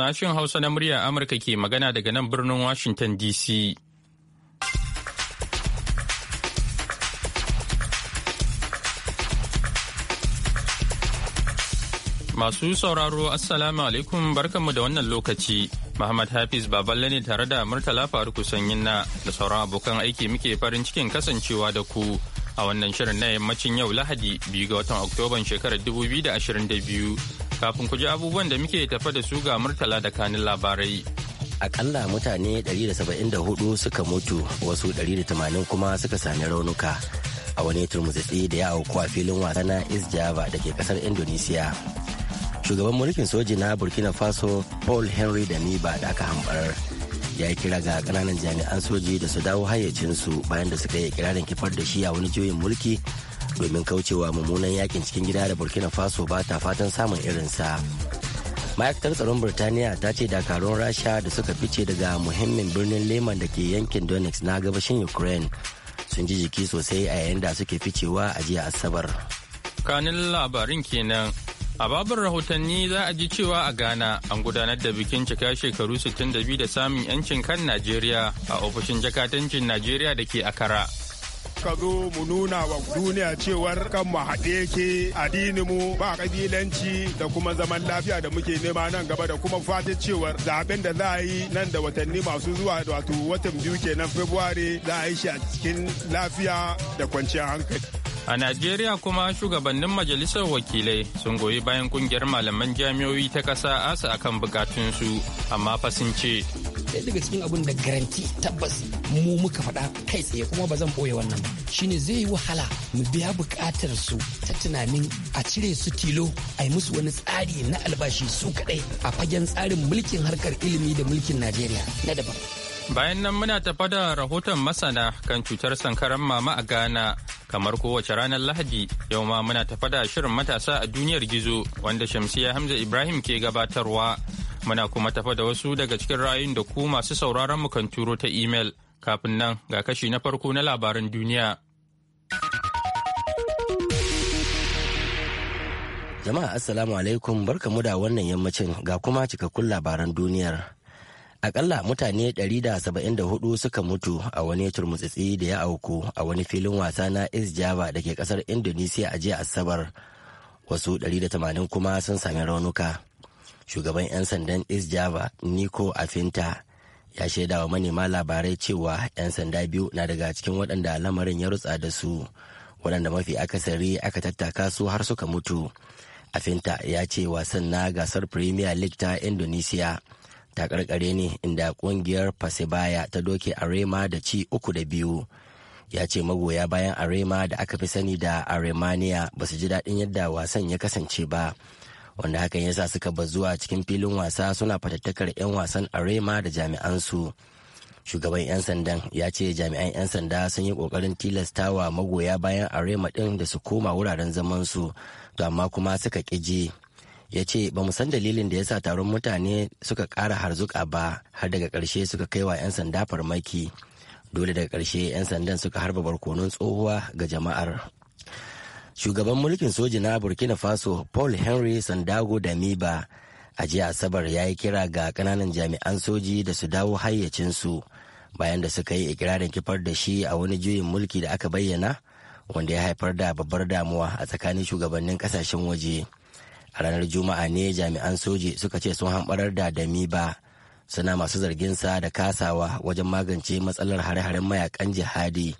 Sashen Hausa na murya Amurka ke magana daga nan birnin Washington DC. Masu sauraro Assalamu alaikum barkanmu da wannan lokaci. Muhammad Hafiz Baballe ne tare da Murtala Faruku Sanyinna da sauran abokan aiki muke farin cikin kasancewa da ku a wannan shirin na yammacin yau Lahadi biyu ga watan Oktoban shekarar 2022. Kafin ku ji abubuwan da muke tafa da su ga Murtala da kanin labarai. Akalla mutane 174 suka mutu wasu 180 kuma suka sami raunuka a wani turmutsitsi da ya auku a filin wasa na East Java da ke kasar Indonesia. Shugaban mulkin soji na Burkina Faso Paul Henry da Niba da aka hambar ya yi kira ga kananan jami'an soji da su dawo hayyacinsu bayan da suka yi kirarin kifar da shi a wani juyin mulki domin kaucewa mummunan yakin cikin gida da burkina faso ba ta fatan samun irin sa ma'aikatar tsaron burtaniya ta ce dakarun rasha da suka fice daga muhimmin birnin leman da ke yankin donetsk na gabashin ukraine sun ji jiki sosai a yayin da suke ficewa a jiya asabar kanin labarin kenan a babin rahotanni za a ji cewa a ghana an gudanar da bikin cika shekaru 62 da samun 'yancin kan najeriya a ofishin jakatancin najeriya da ke akara ka zo mu nuna wa duniya cewar kan mu haɗe yake addini mu ba kabilanci da kuma zaman lafiya da muke nema nan gaba da kuma fatan cewar zaben da za a yi nan da watanni masu zuwa wato watan biyu kenan February za a yi shi a cikin lafiya da kwanciyar hankali. A Najeriya kuma shugabannin majalisar wakilai sun goyi bayan kungiyar malaman jami'o'i ta ƙasa asa akan bukatunsu amma fa sun ce ɗaya daga cikin abin da garanti tabbas mu muka faɗa kai tsaye kuma ba zan ɓoye wannan ba shine zai yi wahala mu biya buƙatar su ta tunanin a cire su tilo a yi musu wani tsari na albashi su kaɗai a fagen tsarin mulkin harkar ilimi da mulkin najeriya na daban bayan nan muna tafa da rahoton masana kan cutar sankaran mama a ghana kamar kowace ranar lahadi yau ma muna tafa da shirin matasa a duniyar gizo wanda shamsiya hamza ibrahim ke gabatarwa Muna kuma tafa da wasu daga cikin ra'ayin da ku masu sauraron mu kan turo ta imel kafin nan ga kashi na farko na labaran duniya. Jama'a Assalamu alaikum barkamu da wannan yammacin ga kuma cikakkun labaran duniyar. Akalla mutane 174 suka mutu a wani turmutsitsi da ya auku a wani filin wasa na East Java da ke kasar Indonesia a jiya Asabar. Wasu 180 kuma sun sami raunuka. shugaban 'yan sandan east java nico afinta ya shaida wa manema labarai cewa 'yan sanda biyu na daga cikin waɗanda lamarin ya rutsa da su waɗanda mafi akasari aka tattaka su har suka mutu afinta ya ce wasan na gasar premier league ta indonesia ta karkare ne inda kungiyar pasibaya ta doke arema da ci uku da biyu ya ce magoya bayan arema da aka fi sani da aremania ba su ji daɗin yadda wasan ya kasance ba wanda hakan ya sa suka zuwa cikin filin wasa suna fatattakar 'yan wasan arema da jami'ansu shugaban 'yan sandan ya ce jami'an 'yan sanda sun yi kokarin tilastawa magoya bayan arema din da su koma wuraren zaman su to amma kuma suka ƙiji ya ce ba san dalilin da ya sa taron mutane suka kara harzuka ba har daga ƙarshe suka kai wa 'yan sanda farmaki dole daga ƙarshe 'yan sandan suka harba barkonon tsohuwa ga jama'ar shugaban mulkin soji na burkina faso paul henry sandago damiba a jiya asabar ya yi kira ga kananan jami'an soji da su dawo hayyacinsu bayan da suka yi ikirarin kifar da shi a wani juyin mulki da aka bayyana wanda ya haifar da babbar damuwa a tsakanin shugabannin kasashen waje a ranar juma'a ne jami'an soji suka ce sun hamɓarar da damiba suna masu zargin sa da kasawa wajen magance matsalar hare-haren mayakan jihadi.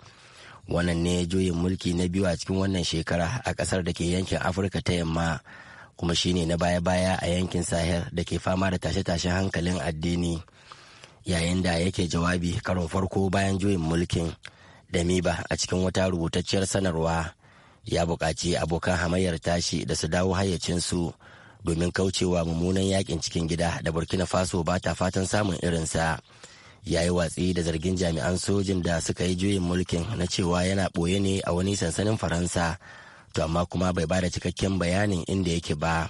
wannan ne juyin mulki na biyu a cikin wannan shekara a kasar da ke yankin afirka ta yamma kuma shine na baya-baya a yankin sahel da ke fama da tashe-tashen hankalin addini yayin da yake jawabi karon farko bayan juyin mulkin Da miba, a cikin wata rubutacciyar sanarwa ya buƙaci abokan hamayyar tashi da su dawo hayyacinsu domin kaucewa mummunan yakin cikin gida da burkina faso ba ta fatan samun irinsa. ya yi watsi da zargin jami'an sojin da suka yi juyin mulkin na cewa yana ɓoye ne a wani sansanin faransa to amma kuma bai bada cikakken bayanin inda yake ba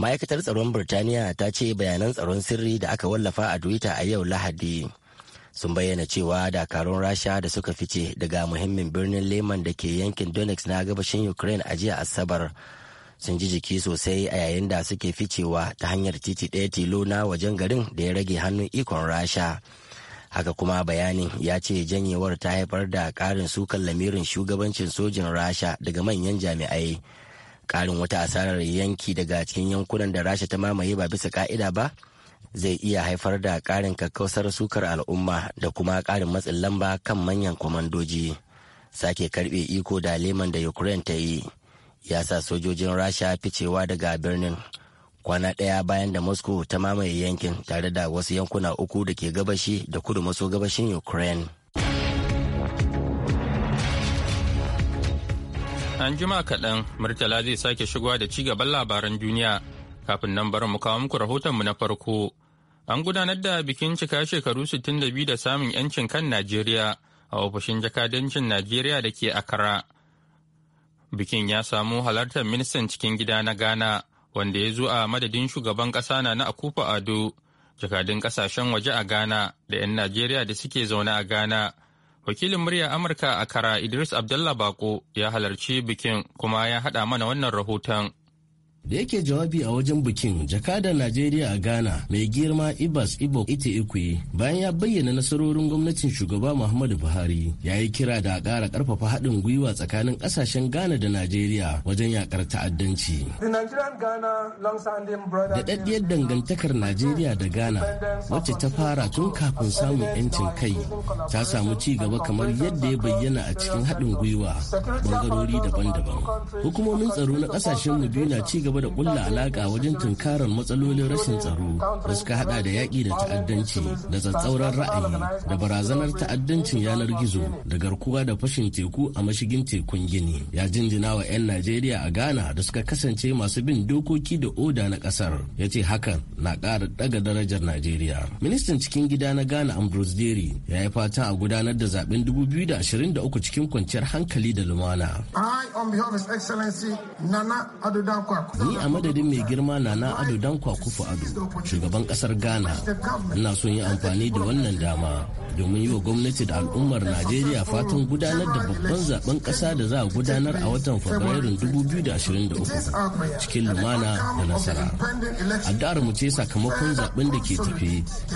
ma'aikatar tsaron birtaniya ta ce bayanan tsaron sirri da aka wallafa a twitter a yau lahadi sun bayyana cewa dakarun rasha da suka fice daga muhimmin birnin leman da ke yankin donetsk na gabashin ukraine a jiya asabar sun ji jiki sosai a yayin da suke ficewa ta hanyar titi ɗaya tilo na wajen garin da ya rage hannun ikon rasha haka kuma bayanin ya ce janyewar ta haifar da ƙarin sukan lamirin shugabancin sojin rasha daga manyan jami'ai ƙarin wata asarar yanki daga cikin yankunan da rasha ta mamaye ba bisa ka'ida ba zai iya haifar da ƙarin kakkausar sukar al'umma da kuma ƙarin matsin lamba kan manyan kwamandoji sake karbe iko da leman da ukraine ta yi ya sa sojojin rasha ficewa daga birnin kwana ɗaya bayan da moscow ta mamaye yankin tare da wasu yankuna uku da ke gabashi da kudu maso gabashin ukraine an jima kaɗan murtala zai sake shigowa da ci gaban labaran duniya kafin nan barin mu kawo muku rahotonmu na farko an gudanar da bikin cika shekaru 62 da samun 'yancin kan najeriya a ofishin jakadancin najeriya da ke akara Bikin ya samu halartar ministan cikin gida na Ghana wanda ya zuwa madadin shugaban ƙasa na na Akufa Ado, jakadun ƙasashen waje a Ghana da 'yan Najeriya da suke zaune a Ghana. Wakilin murya Amurka a Kara Idris Abdullah Bako ya halarci bikin kuma ya haɗa mana wannan rahoton. da yake jawabi a wajen bikin jakadan najeriya a ghana mai girma ibas ibo ita ikwe bayan ya bayyana nasarorin gwamnatin shugaba muhammadu buhari ya yi kira da a ƙara ƙarfafa haɗin gwiwa tsakanin ƙasashen ghana da najeriya wajen yakar ta'addanci daɗaɗɗiyar dangantakar najeriya da ghana wacce ta fara tun kafin samun 'yancin kai ta samu ci gaba kamar yadda ya bayyana a cikin haɗin gwiwa bangarori daban-daban hukumomin tsaro na ƙasashen mu biyu na ci gaba gaba da kulla alaka wajen tunkarar matsalolin rashin tsaro da suka hada da yaƙi da ta'addanci da tsatsauran ra'ayi da barazanar ta'addancin yanar gizo da garkuwa da fashin teku a mashigin tekun gini ya jinjina wa 'yan najeriya a ghana da suka kasance masu bin dokoki da oda na ƙasar ya ce hakan na ƙara ɗaga darajar najeriya ministan cikin gida na ghana ambrose deri ya yi fatan a gudanar da zaben 2023 cikin kwanciyar hankali da lumana. ni a madadin mai girma na na ado dan kwakufu ado shugaban kasar ghana ina son yi amfani da wannan dama domin yi wa gwamnati da al'ummar najeriya fatan gudanar da babban zaben kasa da za a gudanar a watan fabrairun 2023 cikin lumana da nasara addu'ar mu ce sakamakon zaben da ke tafe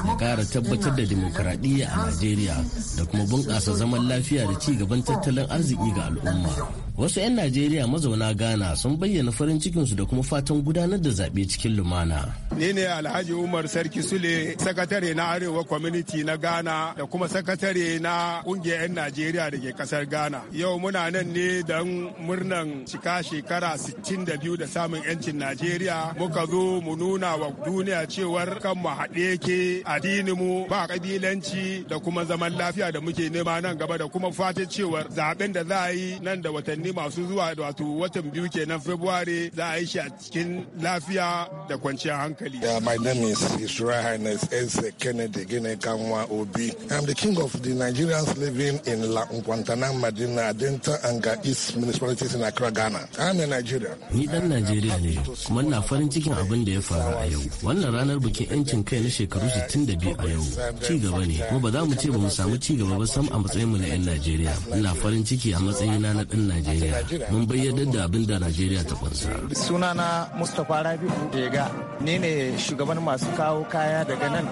ya kara tabbatar da dimokuraɗiyya a najeriya da kuma bunƙasa zaman lafiya da ci gaban tattalin arziki ga al'umma wasu 'yan najeriya mazauna ghana sun bayyana farin cikinsu da kuma fatan gudanar da zaɓe cikin lumana ni ne alhaji umar sarki sule sakatare na arewa community na ghana da kuma sakatare na ƙungiyar 'yan najeriya da ke ƙasar ghana yau muna nan ne don murnan cika shekara 62 da samun 'yancin najeriya muka zo mu nuna wa duniya cewar kan mu haɗe ke addininmu ba kabilanci da kuma zaman lafiya da muke nema nan gaba da kuma fatan cewar zaɓen da za a yi nan da watanni watanni masu zuwa wato watan biyu kenan February za a yi shi a cikin lafiya da kwanciyar hankali. Yeah, my name is His Royal Highness Eze Kennedy Ginekanwa Obi. I'm the king of the Nigerians living in La Nkwantanan, Madina, Adenta, ga East municipalities in Accra, Ghana. I'm a Nigerian. Ni dan Najeriya ne, kuma na farin cikin abin da ya faru a yau. Wannan ranar bikin 'yancin kai na shekaru 62 a yau. Ci gaba ne, kuma ba za mu ce ba mu samu ci gaba ba sam a matsayin mu na 'yan Najeriya. Ina farin ciki a matsayina na dan Najeriya. Najeriya mun bayyana da abin da Najeriya ta kunsa. Sunana Mustapha rabi Dega ni ne shugaban masu kawo kaya daga nan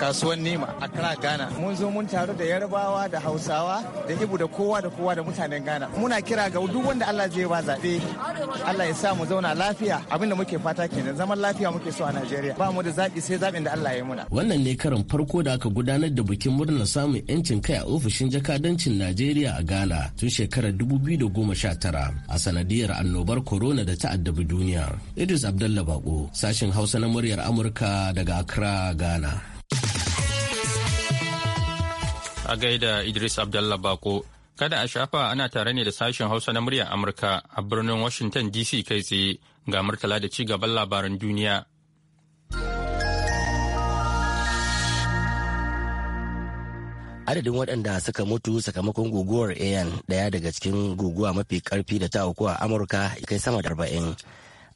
kasuwan Nima Accra Ghana. Mun zo mun taru da Yarbawa da Hausawa da Ibo da kowa da kowa da mutanen Ghana. Muna kira ga duk wanda Allah zai ba zaɓe Allah ya sa mu zauna lafiya abinda muke fata kenan zaman lafiya muke so a Najeriya ba mu da zaɓi sai zaɓin da Allah ya muna. Wannan ne karan farko da aka gudanar da bikin murnar samun 'yancin kai a ofishin jakadancin Najeriya a Ghana tun shekarar 2010 tara a sanadiyar annobar corona da ta addabi duniya. Idris Abdullahi Bako, sashen Hausa na muryar Amurka daga Accra, Ghana. A gaida Idris Abdullahi Bako, kada a shafa ana tare ne da sashen Hausa na muryar Amurka a birnin Washington DC kai tsaye ga Murtala da ci gaban labaran duniya. adadin waɗanda suka mutu sakamakon guguwar ayan ɗaya daga cikin guguwa mafi ƙarfi da ta a amurka kai sama da arba'in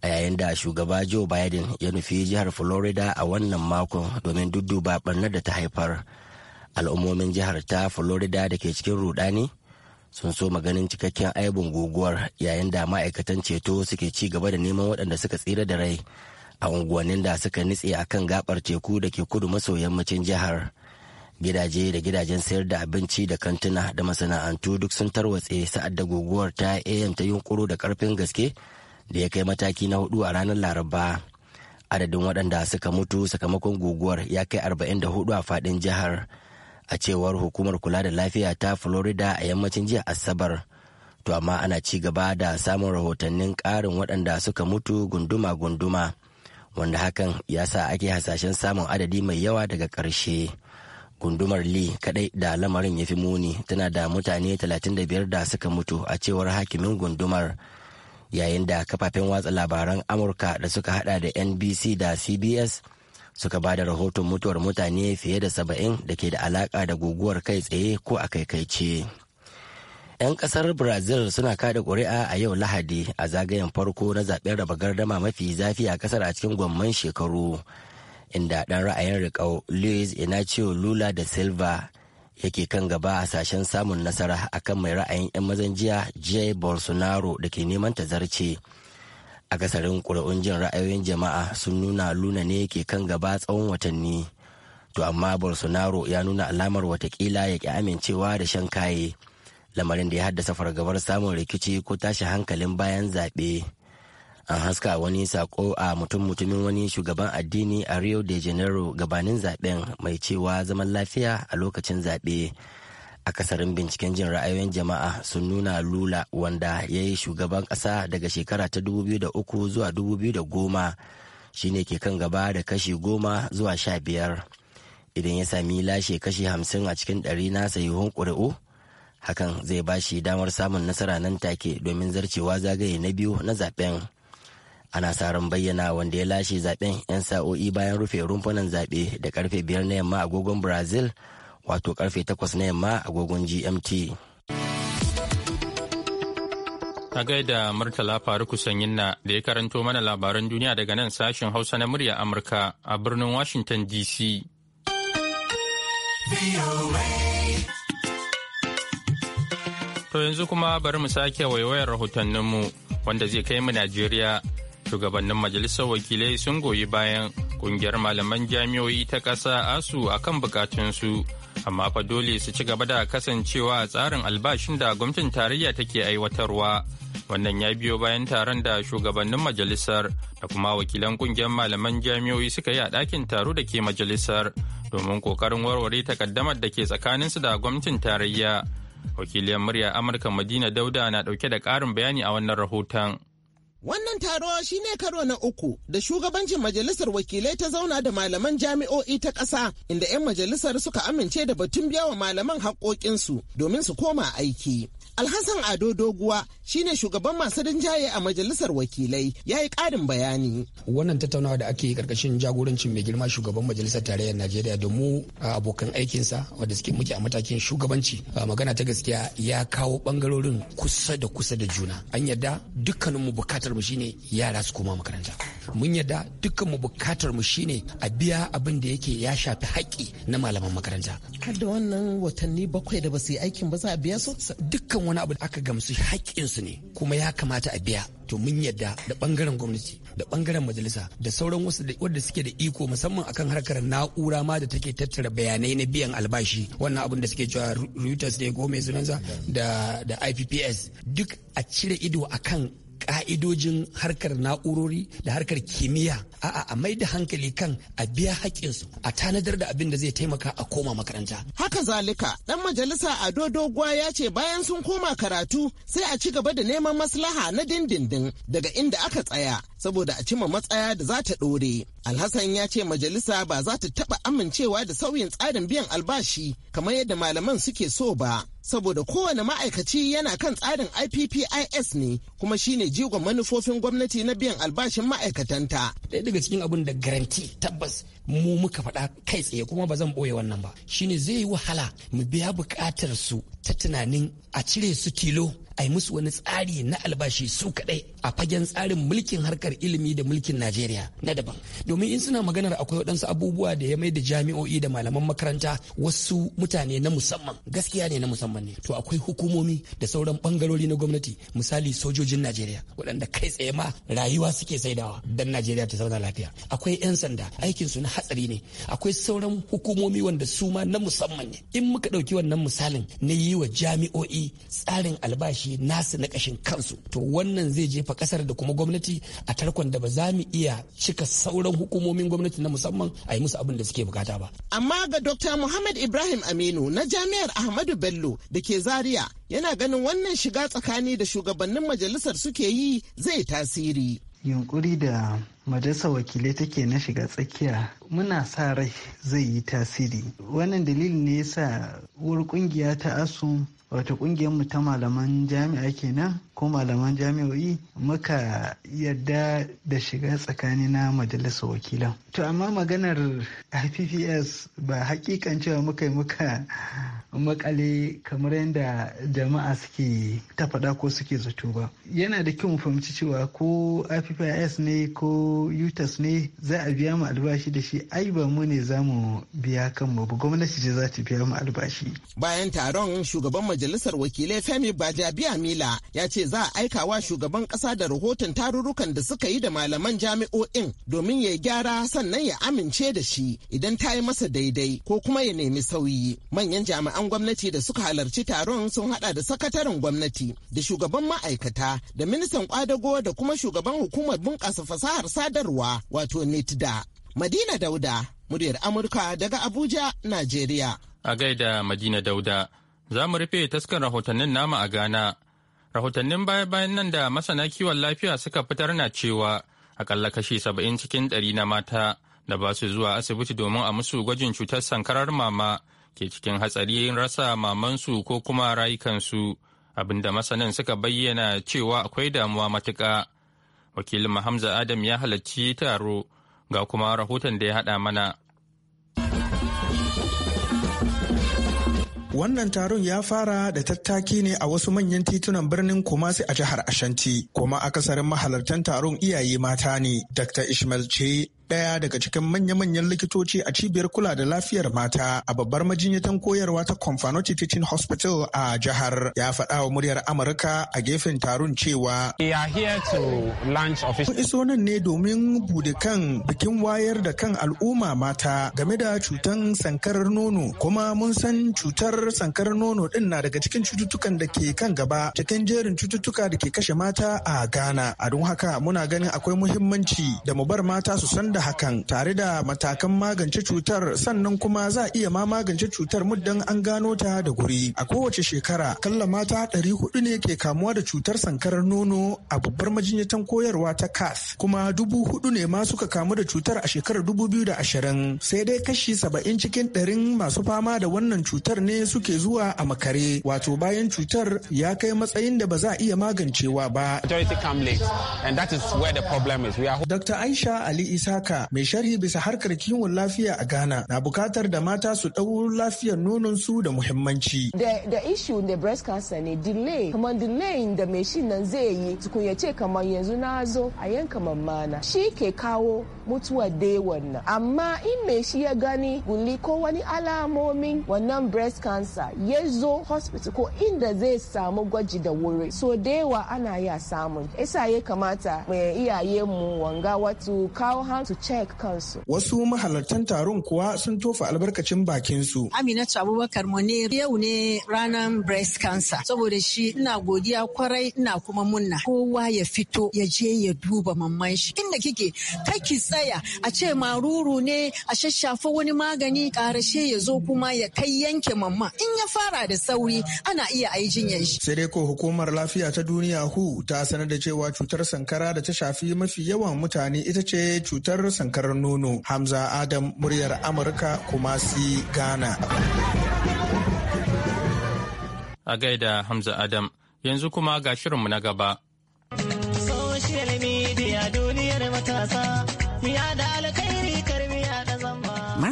a yayin da shugaba joe biden ya nufi jihar florida a wannan makon domin dudduba ɓarnar da ta haifar al'ummomin jihar ta florida da ke cikin rudani sun so maganin cikakken aibin guguwar yayin da ma'aikatan ceto suke ci gaba da neman waɗanda suka tsira da rai a unguwannin da suka nitse akan kan gabar teku da ke kudu maso yammacin jihar gidaje da gidajen sayar da abinci da kantuna da masana'antu duk sun tarwatse sa'ad da guguwar ta am ta yunkuro da karfin gaske da ya kai mataki na hudu a ranar laraba adadin waɗanda suka mutu sakamakon guguwar ya kai arba'in da hudu a faɗin jihar a cewar hukumar kula da lafiya ta florida a yammacin jiya asabar to amma ana ci gaba da samun rahotannin ƙarin waɗanda suka mutu gunduma-gunduma wanda hakan ya sa ake hasashen samun adadi mai yawa daga ƙarshe. gundumar lee kadai da lamarin ya fi muni tana da mutane 35 da suka mutu a cewar hakimin gundumar yayin da kafafen watsa labaran amurka da suka hada da nbc da cbs suka ba da rahoton mutuwar mutane fiye da saba'in da ke da alaka da guguwar kai tsaye ko a kaikaice. 'yan kasar brazil suna kada ƙuri'a a yau lahadi a zagayen farko na zaben raba gardama mafi zafi a kasar a cikin gwamman shekaru inda ɗan ra'ayin riƙau luis inacio lula da silva yake kan gaba a sashen samun nasara akan mai ra'ayin 'yan mazan jiya jay bolsonaro da ke neman ta zarce kasarin ƙuri'un jin ra'ayoyin jama'a sun nuna luna ne yake kan gaba tsawon watanni to amma bolsonaro ya nuna alamar watakila ya ki amincewa da shan kaye lamarin da ya haddasa fargabar samun rikici ko tashi hankalin bayan zaɓe. an haska wani sako a mutum mutumin wani shugaban addini a rio de janeiro gabanin zaben mai cewa zaman lafiya a lokacin zaɓe a kasarin binciken jin ra'ayoyin jama'a sun nuna lula wanda ya yi shugaban ƙasa daga shekara ta 2003 zuwa 2010 shine ke kan gaba da kashi 10 zuwa 15 idan ya sami lashe kashi 50 a cikin ɗari na sayuhun ƙuri'u hakan zai ba shi damar samun nasara nan take domin zarcewa zagaye na biyu na zaben. ana sa ran bayyana wanda ya lashe zaben 'yan sa'o'i bayan rufe rumfunan zaɓe da karfe biyar na yamma agogon brazil wato karfe takwas na yamma agogon gmt a gaida murtala faruku na da ya karanto mana labaran duniya daga nan sashen hausa na murya amurka a birnin washington dc to yanzu kuma bari mu sake waiwayar rahotanninmu wanda zai kai mu najeriya shugabannin majalisar wakilai sun goyi bayan kungiyar malaman jami'o'i ta ƙasa asu a kan bukatunsu amma fa dole su ci gaba da kasancewa a tsarin albashin da gwamnatin tarayya take aiwatarwa wannan ya biyo bayan taron da shugabannin majalisar da kuma wakilan kungiyar malaman jami'o'i suka yi a ɗakin taro da ke majalisar domin kokarin warware takaddamar da ke tsakaninsu da gwamnatin tarayya wakiliyar murya amurka madina dauda na ɗauke da ƙarin bayani a wannan rahoton Wannan taro shi ne karo na uku da shugabancin majalisar wakilai ta zauna da malaman jami'o'i ta ƙasa inda 'yan majalisar suka amince da batun biya wa malaman haƙoƙinsu domin su koma aiki. Alhassan Ado Doguwa shine shugaban masu rinjaye a majalisar wakilai ya yi ƙarin bayani. Wannan tattaunawa da ake karkashin jagorancin mai girma shugaban majalisar tarayyar Najeriya da mu abokan aikinsa wadda suke muke a matakin shugabanci magana ta gaskiya ya kawo bangarorin kusa da kusa da juna. An yarda dukkaninmu bukatar mu shine yara su koma makaranta. Mun yarda dukkanmu bukatar mu shine a biya abin da yake ya shafi haƙƙi na malaman makaranta. Har da wannan watanni bakwai da ba su yi aikin ba za a biya su? dukkan wani abu da aka gamsu haƙƙinsu ne kuma ya kamata a biya to mun yadda da bangaren gwamnati da bangaren majalisa da sauran wasu da wadda suke da iko musamman akan harkar na'ura ma da take tattara bayanai na biyan albashi wannan abun da suke cewa Reuters ne ko mai sunansa da da IPPS duk a cire ido akan ka'idojin harkar na'urori da harkar kimiyya a'a a mai da hankali kan a biya haƙƙinsu a tanadar da abin da zai taimaka a koma makaranta. Haka zalika ɗan majalisa a Doguwa ya ce bayan sun koma karatu sai a ci gaba da neman maslaha na dindindin daga inda aka tsaya saboda a cima matsaya da za ta ɗore. Alhassan ya ce majalisa ba za ta taɓa amincewa da sauyin tsarin biyan albashi kamar yadda malaman suke so ba. saboda kowane ma'aikaci yana kan tsarin IPPIS ne kuma shine jigon manufofin gwamnati na biyan albashin ma'aikatanta. Ɗaya daga cikin abin da garanti tabbas mu muka faɗa kai tsaye kuma ba zan ɓoye wannan ba shine zai yi wahala mu biya buƙatar su ta tunanin a cire su tilo a yi musu wani tsari na albashi su kadai a fagen tsarin mulkin harkar ilimi da mulkin Najeriya na daban. Domin in suna maganar akwai waɗansu abubuwa da ya mai da jami'o'i da malaman makaranta wasu mutane na musamman gaskiya ne na musamman ne. To akwai hukumomi da sauran bangarori na gwamnati misali sojojin Najeriya waɗanda kai tsaye ma rayuwa suke saidawa dan Najeriya ta zauna lafiya. Akwai 'yan sanda aikinsu na hatsari ne. Akwai sauran hukumomi wanda su ma na musamman ne. In muka ɗauki wannan misalin na yi wa jami'o'i tsarin albashi nasu na kashin kansu to wannan zai jefa ƙasar da kuma gwamnati a tarkon da ba za mu iya cika sauran hukumomin gwamnati na musamman a yi musu abin da suke bukata ba amma ga dr muhammad ibrahim aminu na jami'ar ahmadu bello da ke zaria yana ganin wannan shiga tsakani da shugabannin majalisar suke yi zai tasiri yunkuri da majalisar wakilai take na shiga tsakiya muna sa rai zai yi tasiri wannan dalilin ne ya sa uwar kungiya ta asu wato mu ta malaman jami'a kenan ko malaman jami'o'i muka yadda da shiga tsakani na majalisar wakilan to amma maganar ipps ba hakikan cewa muka yi muka makale kamar yadda jama'a suke ta faɗa ko suke zato ba yana da kyau mu fahimci cewa ko ipps ne ko utas ne za a biya mu albashi da shi ai ba mu ne za mu biya kanmu ba gwamnati ce za ta biya mu albashi bayan taron shugaban majalisar wakilai Femi Bajabiya Mila ya ce za a aika wa shugaban ƙasa da rahoton tarurrukan da suka yi da malaman jami'o'in domin ya gyara sannan ya amince da shi idan ta yi masa daidai ko kuma ya nemi sauyi. Manyan jami'an gwamnati da suka halarci taron sun hada da sakataren gwamnati da shugaban ma'aikata da ministan kwadago da kuma shugaban hukumar bunƙasa fasahar sadarwa wato NITDA. Madina Dauda, muryar Amurka daga Abuja, Najeriya. A gaida Madina Dauda. za mu rufe taskar rahotannin nama a Ghana. Rahotannin baya-bayan nan da masana kiwon lafiya suka fitar na cewa akalla kashi saba'in cikin ɗari na mata da ba su zuwa asibiti domin a musu gwajin cutar sankarar mama ke cikin hatsari rasa mamansu ko kuma rayukansu abinda masanan suka bayyana cewa akwai damuwa matuka Wakilin Hamza Adam ya halarci taro ga kuma rahoton da ya haɗa mana. Wannan taron ya fara da tattaki ne a wasu manyan titunan birnin Kumasi a jihar Ashanti, kuma akasarin mahalartan taron iyaye mata ne. Dr. Ishmael ce ɗaya daga cikin manya-manyan likitoci a cibiyar kula da lafiyar mata a babbar majinyatan koyarwa ta Comfanoti Teaching Hospital a jihar ya faɗa wa muryar Amurka a gefen taron cewa Kun iso nan ne domin bude kan bikin wayar da kan al'umma mata game da cutar sankarar nono kuma mun san cutar sankarar nono din na daga cikin cututtukan da ke kan gaba cikin jerin cututtuka da ke kashe mata a Ghana a don haka muna ganin akwai muhimmanci da mu bar mata su san da hakan tare da matakan magance cutar sannan kuma za iya ma magance cutar muddan an gano ta da guri. A kowace shekara kalla mata ɗari hudu ne ke kamuwa da cutar sankarar nono a babbar majinyatan koyarwa ta CAS kuma dubu hudu ne ma suka kamu da cutar a shekarar dubu biyu da ashirin sai dai kashi saba'in cikin ɗarin masu fama da wannan cutar ne suke zuwa a makare wato bayan cutar ya kai matsayin da ba za a iya magancewa ba. Dr. Aisha Ali Isa haka mai sharhi bisa harkar kiwon lafiya a Ghana na bukatar da mata su ɗau lafiyar nonon su da muhimmanci. Da issue da breast cancer ne delay kamar delay da mai shi nan zai yi tukun ya ce kamar yanzu na zo a yanka mammana shi ke kawo mutuwa da wannan nan amma in mai shi ya gani guli ko wani alamomin wannan breast cancer ya zo hospital ko inda zai samu gwaji da wuri so da yawa ana ya samun isa ya kamata mai iyaye mu wanga wato kawo hantu su cek kansu. Wasu mahalartan taron kuwa sun tofa albarkacin bakin su. Aminatu Abubakar Munir yau ne ranar breast cancer. Saboda shi ina godiya kwarai ina kuma munna. Kowa ya fito ya je ya duba mamman shi. Inda kike ki tsaya a ce maruru ne a shashafa wani magani karashe ya zo kuma ya kai yanke mamma. In ya fara da sauri ana iya ayi jinyar shi. Sai dai ko hukumar lafiya ta duniya WHO ta sanar da cewa cutar sankara da ta shafi mafi yawan mutane ita ce cutar kamar Sankar Nono, Hamza Adam muryar Amurka kuma si Ghana. A gaida Hamza Adam, yanzu kuma ga shirinmu na gaba. Social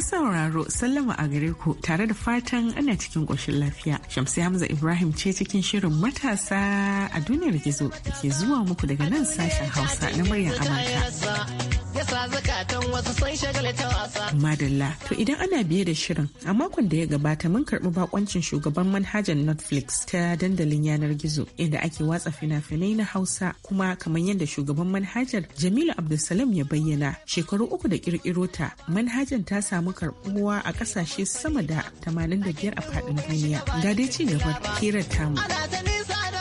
sauraro sallama a gare ku tare da fatan ana cikin ƙoshin lafiya. Shamsi Hamza Ibrahim ce cikin shirin matasa a duniyar gizo da ke zuwa muku daga nan sashen Hausa na muryar Amurka. Madalla, to idan ana biye da shirin a makon da ya gabata mun karɓi bakoncin shugaban manhajar Netflix ta dandalin yanar gizo inda ake watsa fina-finai na Hausa kuma kamar yadda shugaban manhajar Jamilu Abdulsalam ya bayyana shekaru uku da kirkiro ta manhajar ta samu karɓuwa a ƙasashe sama da 85 a faɗin duniya. Ga dai ci gaba kirar tamu.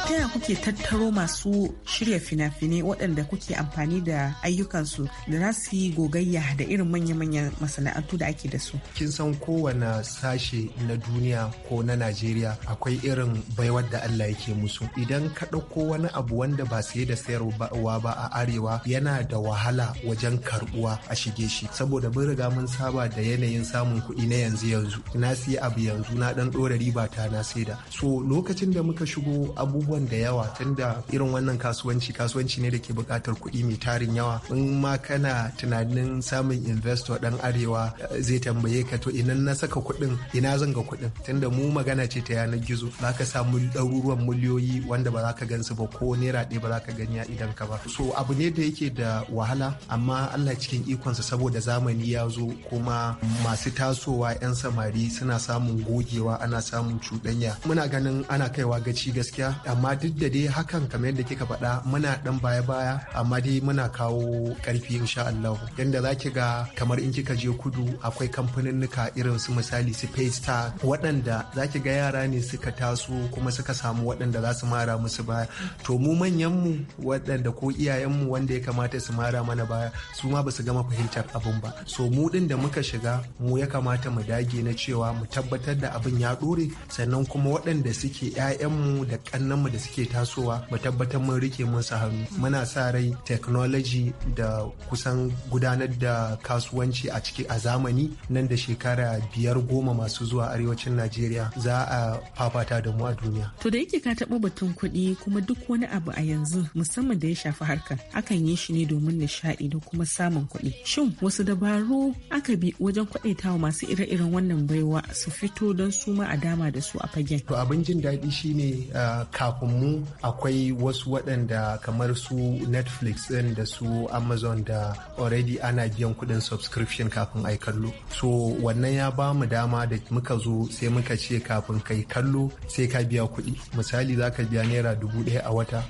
ta kuke tattaro masu shirya fina-finai waɗanda kuke amfani da ayyukansu da za su yi gogayya da irin manya-manyan masana'antu da ake da su kin san kowane sashe na duniya ko na najeriya akwai irin baiwar da allah yake musu idan ka ɗauko wani abu wanda ba saye da sayarwa ba a arewa yana da wahala wajen karbuwa a shige shi saboda mun riga mun saba da yanayin samun kuɗi na yanzu yanzu na siya abu yanzu na ɗan ɗora riba ta na saida so lokacin da muka shigo abubuwan abubuwan da yawa tunda irin wannan kasuwanci kasuwanci ne da ke buƙatar kuɗi mai tarin yawa in ma kana tunanin samun investor dan arewa eh, zai tambaye ka to inan na saka kuɗin ina zan ga kuɗin tunda mu magana ce ta yanar gizo za ka samu ɗaruruwan miliyoyi wanda ba za ka gansu ba ko naira ɗaya ba za ka gani a idan ka ba so abu ne da yake da wahala amma Allah cikin ikonsa saboda zamani ya zo kuma masu tasowa 'yan samari suna samun gogewa ana samun cuɗanya muna ganin ana kaiwa gaci gaskiya amma amma duk da dai hakan kamar yadda kika faɗa muna ɗan baya-baya amma dai muna kawo ƙarfi insha Allah yadda za ki ga kamar in kika je kudu akwai kamfaninnika irin su misali su star waɗanda za ki ga yara ne suka taso kuma suka samu waɗanda za su mara musu baya to mu manyanmu waɗanda ko iyayenmu wanda ya kamata su mara mana baya su ma ba su gama fahimtar abin ba so mu din da muka shiga mu ya kamata mu dage na cewa mu tabbatar da abin ya ɗore sannan kuma waɗanda suke 'ya'yanmu da ƙannanmu da da suke tasowa mu tabbatar mun rike musu hannu muna sa rai technology da kusan gudanar da kasuwanci a ciki a zamani nan da shekara biyar goma masu zuwa arewacin najeriya za a fafata da mu a duniya to da yake ka taɓa batun kuɗi kuma duk wani abu a yanzu musamman da ya shafi harkar akan yi shi ne domin nishaɗi da kuma samun kuɗi shin wasu dabaru aka bi wajen kwaɗaitawa masu ire-iren wannan baiwa su fito don su ma a dama da su a fagen to abin jin daɗi shine ah, kafin mu akwai wasu waɗanda kamar su netflix ɗin da su amazon da already ana biyan kuɗin subscription kafin ai kallo so wannan ya ba mu dama da muka zo sai muka ce kafin kai kallo sai ka biya kuɗi misali za ka biya naira dubu ɗaya a wata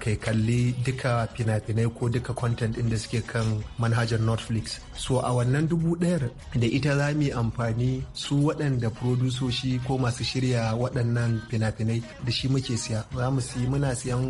kai kalli duka fina-finai ko duka content ɗin da suke kan manhajar netflix so a wannan dubu ɗayar da ita za mu yi amfani su waɗanda produsoshi ko masu shirya waɗannan fina-finai da shi muke siya za mu siyi muna siyan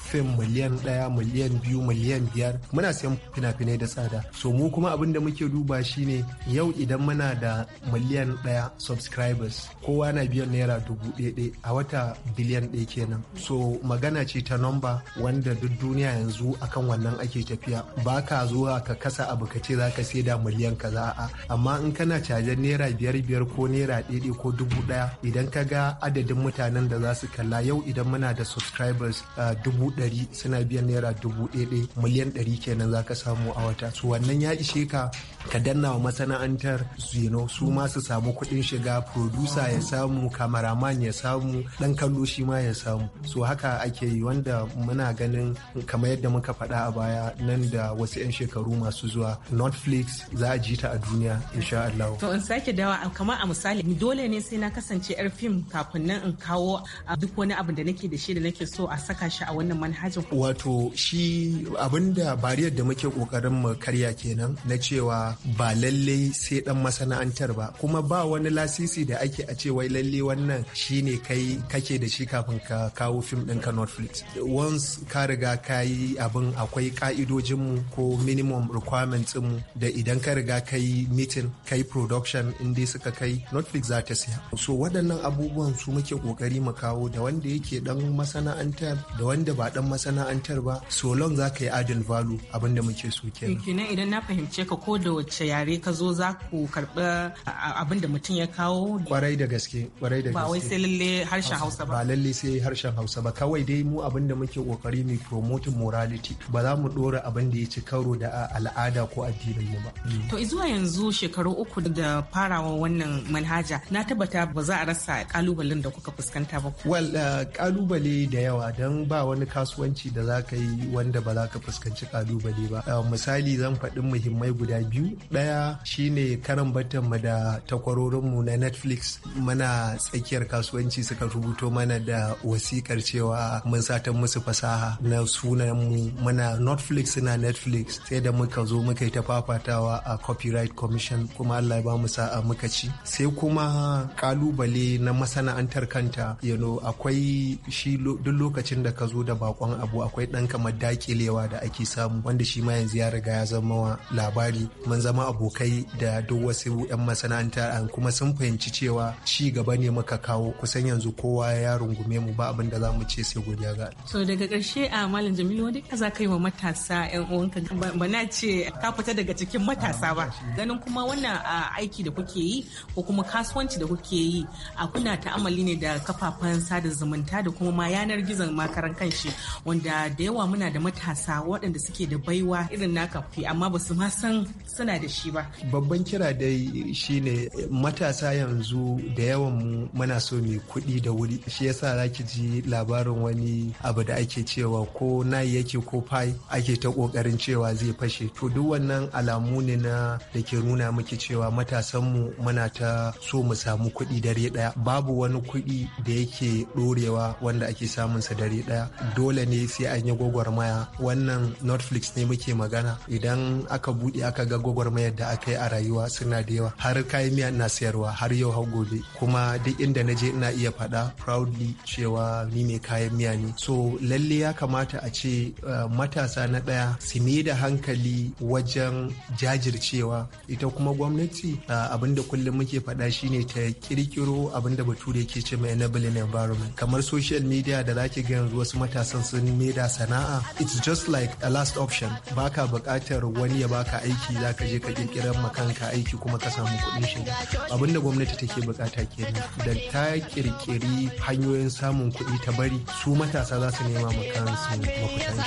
fim miliyan ɗaya miliyan biyu miliyan biyar muna siyan fina-finai da tsada so mu kuma abin da muke duba shine yau idan muna da miliyan ɗaya subscribers kowa na biyan naira dubu ɗaya a wata biliyan ɗaya kenan so magana ce ta nomba wanda duk duniya yanzu akan wannan ake tafiya ba ka zuwa ka kasa abu ka ce za ka saida miliyan kaza a amma in kana cajen naira biyar biyar ko naira ɗaya ko dubu ɗaya idan ka ga adadin mutanen da za su kalla yau idan muna da subscribers ah, dubu dubu ɗari suna biyan naira dubu ɗaya miliyan ɗari kenan za ka samu a wata su wannan ya ishe ka ka danna wa masana'antar su ma su samu kuɗin shiga producer ya samu kamaraman ya samu ɗan kallo shi ma ya samu so haka ake yi wanda muna ganin kamar yadda muka faɗa a baya nan da wasu 'yan shekaru masu zuwa netflix za a ji ta a duniya insha Allah. to in sake dawa kamar a misali dole ne sai na kasance yar fim kafin nan in kawo duk wani abu da nake da shi da nake so a saka shi a wannan manhajin. wato shi abinda bariyar da muke kokarin mu karya kenan na cewa ba lalle sai dan masana'antar ba kuma ba wani lasisi da ake a ce wai lalle wannan shine kai kake da shi kafin ka kawo fim din ka Netflix once ka riga ka abin akwai ka'idojin mu ko minimum requirements mu da idan ka riga kai meeting kai production in dai suka kai Netflix za ta siya so waɗannan abubuwan su muke kokari mu kawo da wanda yake dan masana'antar da wanda ba dan masana'antar ba so long za ka yi adil value abin muke so kenan idan na fahimce ka ko da wacce yare ka zo za ku karɓi abin da mutum ya kawo kwarai da gaske kwarai da gaske ba wai sai lalle harshen hausa ba ba lalle sai harshen hausa ba kawai dai mu abin da muke kokari mu promoting morality ba za mu dora abin da ya ci karo da al'ada ko addinin mu ba mm. to zuwa yanzu shekaru uku da farawa wannan manhaja na tabbata ba za a rasa kalubalen da kuka fuskanta ba Wal, kalubale uh, da yawa don ba wani kasuwanci da za ka yi wanda ba za ka fuskanci ƙalubale ba uh, misali zan faɗi muhimmai guda biyu ɗaya shine karan mu da takwarorinmu na netflix mana tsakiyar kasuwanci suka rubuto mana da wasikar cewa mun satan musu fasaha na sunanmu mana netflix na netflix sai da muka zo muka yi ta fafatawa a copyright commission kuma allah ya ba mu sa'a muka ci sai kuma kalubale na masana'antar kanta yano akwai shi duk lokacin da ka zo da bakon abu akwai ɗan kamar dakilewa da ake samu wanda shi ma yanzu ya riga ya zama labari zama abokai da duk wasu 'yan masana'anta kuma sun fahimci cewa ci gaba ne muka kawo kusan yanzu kowa ya rungume mu ba abin da za mu ce sai godiya ga so daga karshe a malam jamilu wani kaza kai wa matasa 'yan uwanka ba na ce ka fita daga cikin matasa ba ganin kuma wannan aiki da kuke yi ko kuma kasuwanci da kuke yi a kuna ta'amali ne da kafafen sada zumunta da kuma ma yanar gizon makaran kanshi wanda da yawa muna da matasa waɗanda suke da baiwa irin naka amma ba su ma san suna muna da shi ba babban kira dai shine matasa yanzu da yawan mu muna so mai kuɗi da wuri shi yasa zaki ji labarin wani abu da ake cewa ko nayi yake ko fai ake ta kokarin cewa zai fashe to duk wannan alamu ne na da ke nuna miki cewa matasan mu muna ta so mu samu kuɗi dare ɗaya babu wani kuɗi da yake ɗorewa wanda ake samun sa dare ɗaya dole ne sai an yi gwagwarmaya wannan netflix ne muke magana idan aka buɗe aka ga gwagwarmaya gwagwarmayar da aka yi a rayuwa suna da yawa har kayan miya na sayarwa har yau har gobe kuma duk inda na je ina iya faɗa proudly cewa ni mai kayan miya ne so lalle ya kamata a ce eh, matasa na ɗaya su ne da hankali wajen jajircewa ita kuma gwamnati eh, abin da kullum muke faɗa shine ta kirkiro abin da bature ke ce mai enabling environment kamar social media da zaki ga yanzu wasu matasan sun da sana'a it's just like a last option baka bukatar wani ya baka aiki zaka je ka kirkirar makanka aiki kuma ka samu kuɗin shiga abin da gwamnati take bukata kenan da ta kirkiri hanyoyin samun kuɗi ta bari su matasa za su nema makansu mafitan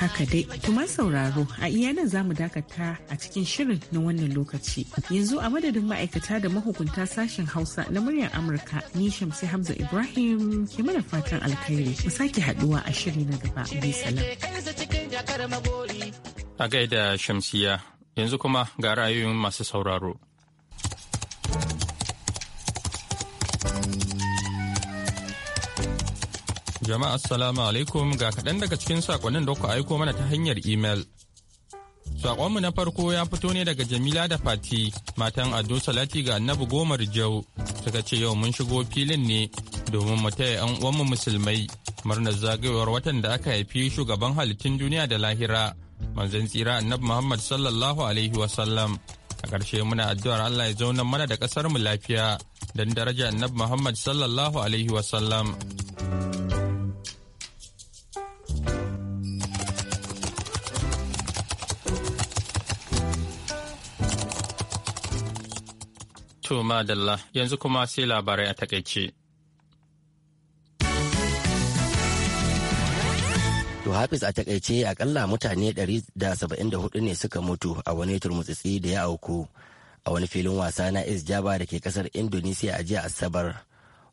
haka dai ma sauraro a iyanan za mu dakata a cikin shirin na wannan lokaci yanzu a madadin ma'aikata da mahukunta sashen hausa na muryar amurka ni shamsi hamza ibrahim ke mana fatan alkhairi mu sake haduwa a shiri na gaba bi salam a gaida shamsiya Yanzu kuma ga ra'ayoyin masu sauraro. Jama'a Assalamu alaikum ga kaɗan daga cikin saƙonin da ku aiko mana ta hanyar imel. Saƙonmu na farko ya fito ne daga Jamila da Fati, matan Ado Salati ga Annabi Gomar Jau, suka ce yau mun shigo filin ne domin mu taya 'yan uwanmu musulmai murnar zagayowar watan da aka haifi shugaban halittun duniya da lahira manzon tsira annabi Muhammad sallallahu alaihi wasallam a ƙarshe muna addu'ar Allah ya zauna mana da ƙasar mu lafiya Dan daraja annabi Muhammad sallallahu alaihi wasallam To madalla yanzu kuma sai labarai a takaice. To Hafiz a takaice akalla mutane 174 ne suka mutu a wani turmutsitsi da ya auku a wani filin wasa na Is Java da ke kasar Indonesia a jiya Asabar.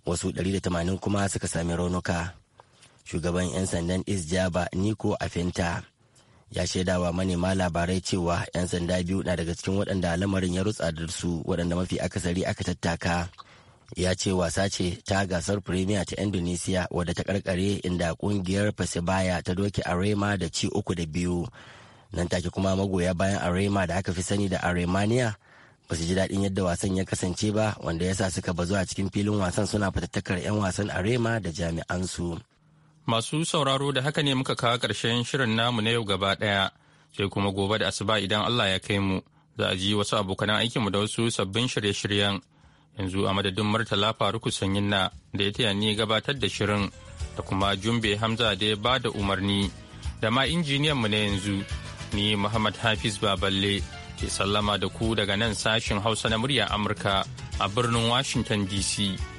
Wasu 180 kuma suka sami raunuka. Shugaban 'yan sandan ni Java Niko Afinta ya shaidawa manema labarai cewa 'yan sanda biyu na daga cikin waɗanda lamarin ya rutsa da su waɗanda mafi akasari aka tattaka. ya ce wasa ce ta gasar premier ta indonesia wadda ta karkare inda kungiyar pasibaya ta doke arema da ci uku da biyu nan take kuma magoya bayan arema da aka fi sani da aremania ba su ji daɗin yadda wasan ya kasance ba wanda ya sa suka bazu a cikin filin wasan suna fatattakar 'yan wasan arema da jami'ansu masu sauraro da haka ne muka kawo ƙarshen shirin namu na yau gaba ɗaya sai kuma gobe da asuba idan allah ya kai mu za a ji wasu abokanan aikinmu da wasu sabbin shirye-shiryen yanzu a madadin Murtala Faruku sanyinna da ya taya ni gabatar da shirin da kuma Jumbe Hamza da ya bada umarni da ma injiniyan mu na yanzu ni Muhammad Hafiz Baballe ke sallama da ku daga nan sashin Hausa na murya Amurka a birnin Washington DC.